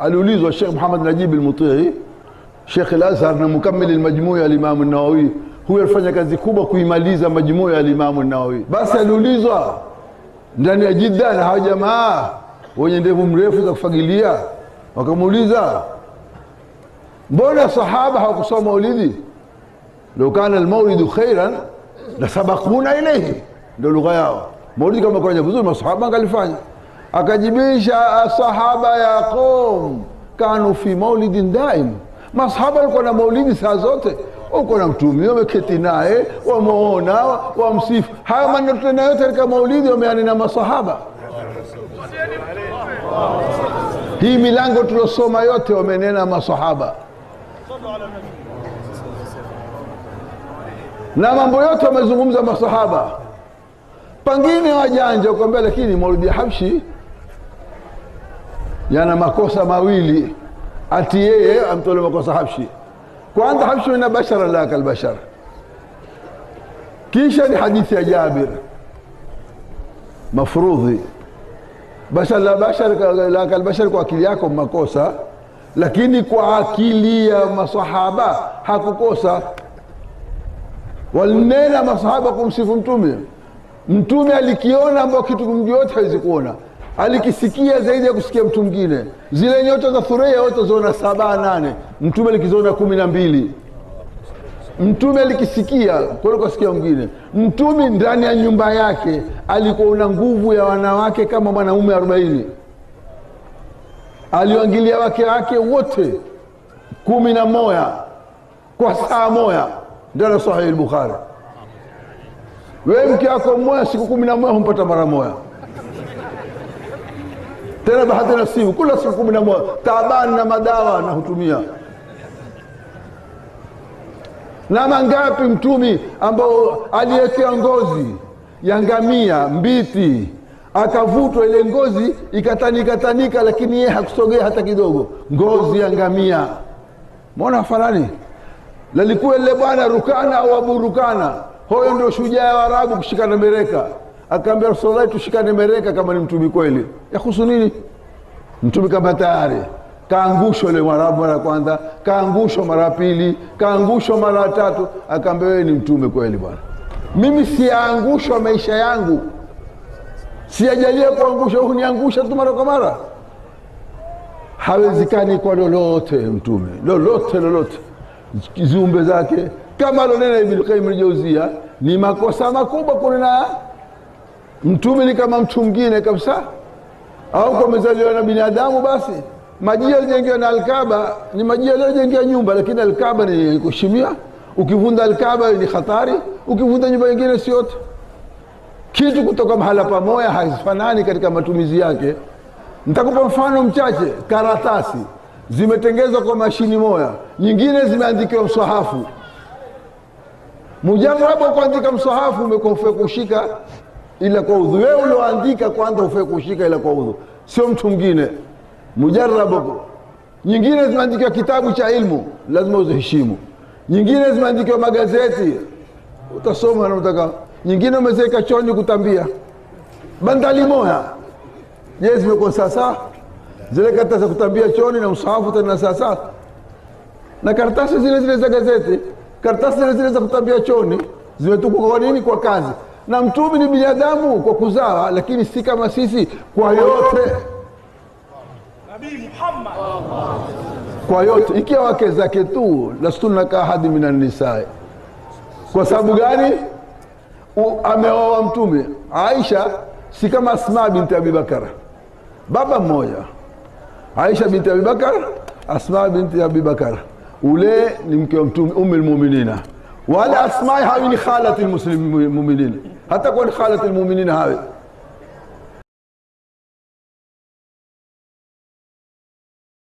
aliulizwa Sheikh Muhammad Najib al-Mutihi, Sheikh al-Azhar na mukammil al-majmuu ya al-Imam an-Nawawi, huyo alifanya kazi kubwa kuimaliza majmuu ya al-Imam an-Nawawi. Basi aliulizwa ndani ya Jidda na hawa jamaa wenye ndevu mrefu za kufagilia, wakamuuliza mbona sahaba hawakusoma maulidi? Lau kana al-maulidu khairan la sabaquna ilayhi, ndio lugha yao. Maulidi kama kwa vizuri, masahaba angalifanya akajibisha asahaba ya qom kanu fi maulidin daim masahaba walikuwa na maulidi saa zote uko na mtumia wameketi naye wameona wamsifu haya maneno yote katika maulidi wameanena masahaba hii milango tuliosoma yote wamenena masahaba na mambo yote wamezungumza masahaba pangine wajanja kuambia lakini maulidi ya habshi yana makosa mawili ati yeye amtole makosa Habshi. Kwanza Habshi mina bashara la kalbashar, kisha ni hadithi ya Jabir mafrudhi bashar la la kwa akili yako makosa, lakini kwa akili ya masahaba hakukosa. Walinena masahaba kumsifu Mtume. Mtume alikiona ambao kitu mtu yote hawezi kuona alikisikia zaidi ya kusikia mtu mwingine. Zile nyota za Thureia wote zaona saba nane, mtume alikiziona kumi na mbili. Mtume alikisikia kasikia mwingine. Mtume ndani ya nyumba yake alikuwa una nguvu ya wanawake kama mwanaume arobaini. aliwangilia wake wake wote kumi na moya kwa saa moya, ndani ya Sahihi Bukhari. Wewe mke wako mmoja siku kumi na moya humpata mara moya tena bahati nasibu kula siku kumi na moja taban na madawa nahutumia na mangapi mtumi ambao aliyetia ngozi ya ngamia mbiti akavutwa ile ngozi ikatanika tanika, lakini yeye hakusogea hata kidogo. Ngozi ya ngamia, mbona hafanani? Lalikuwa lile bwana Rukana au aburukana hoyo huyo ndio shujaa wa Arabu kushikana mereka akaambia Rasulullah, tushikane mereka kama ni mtumi kweli. Yahusu nini? Mtumi kama tayari kaangushwa ile mwarabu mara ya kwanza, kaangushwa mara ya pili, kaangushwa mara ya tatu, akaambia wewe ni mtume kweli bwana. Mimi siyaangushwa maisha yangu, siyajalia kuangusha, huniangusha tu mara kwa mara. Hawezekani kwa lolote mtume, lolote lolote, ziumbe zake kama lonena Ibnul lijauzia ni makosa makubwa kunena mtume ni kama mtu mwingine kabisa au kamezaliwa na binadamu basi maji alijengewa na alkaba ni maji aliyojengewa nyumba lakini alkaba ni kushimia ukivunda alkaba ni hatari ukivunda nyumba nyingine siote kitu kutoka mahala pamoya hazifanani katika matumizi yake nitakupa mfano mchache karatasi zimetengezwa kwa mashini moya nyingine zimeandikiwa mswahafu mujarabu wa kuandika mswahafu umekuwa kushika ila kwa udhu. Wewe ulioandika kwanza ufai kushika ila kwa udhu, sio mtu mwingine mujarabu. Nyingine zimeandikiwa kitabu cha ilmu, lazima uziheshimu. Nyingine zimeandikiwa magazeti, utasoma unataka. Nyingine umeziweka choni kutambia bandali moya. Je, zimekuwa sasa zile karatasi kutambia choni na usahafu tena sasa na karatasi zile zile za gazeti, karatasi zile zile za kutambia choni zimetukwa kwa nini? Kwa kazi na mtumi ni binadamu kwa kuzaa lakini si kama sisi kwa yote kwa yote ikiwa wake zake tu lastunaka hadi ahadi min kwa sababu gani ameoa mtume aisha si kama asma binti abibakara baba mmoja aisha binti abibakara asma binti abibakara ule ni mke wa mtume umilmuminina ولا أسمائها من خالة المسلمين حتى كون خالة المؤمنين هذه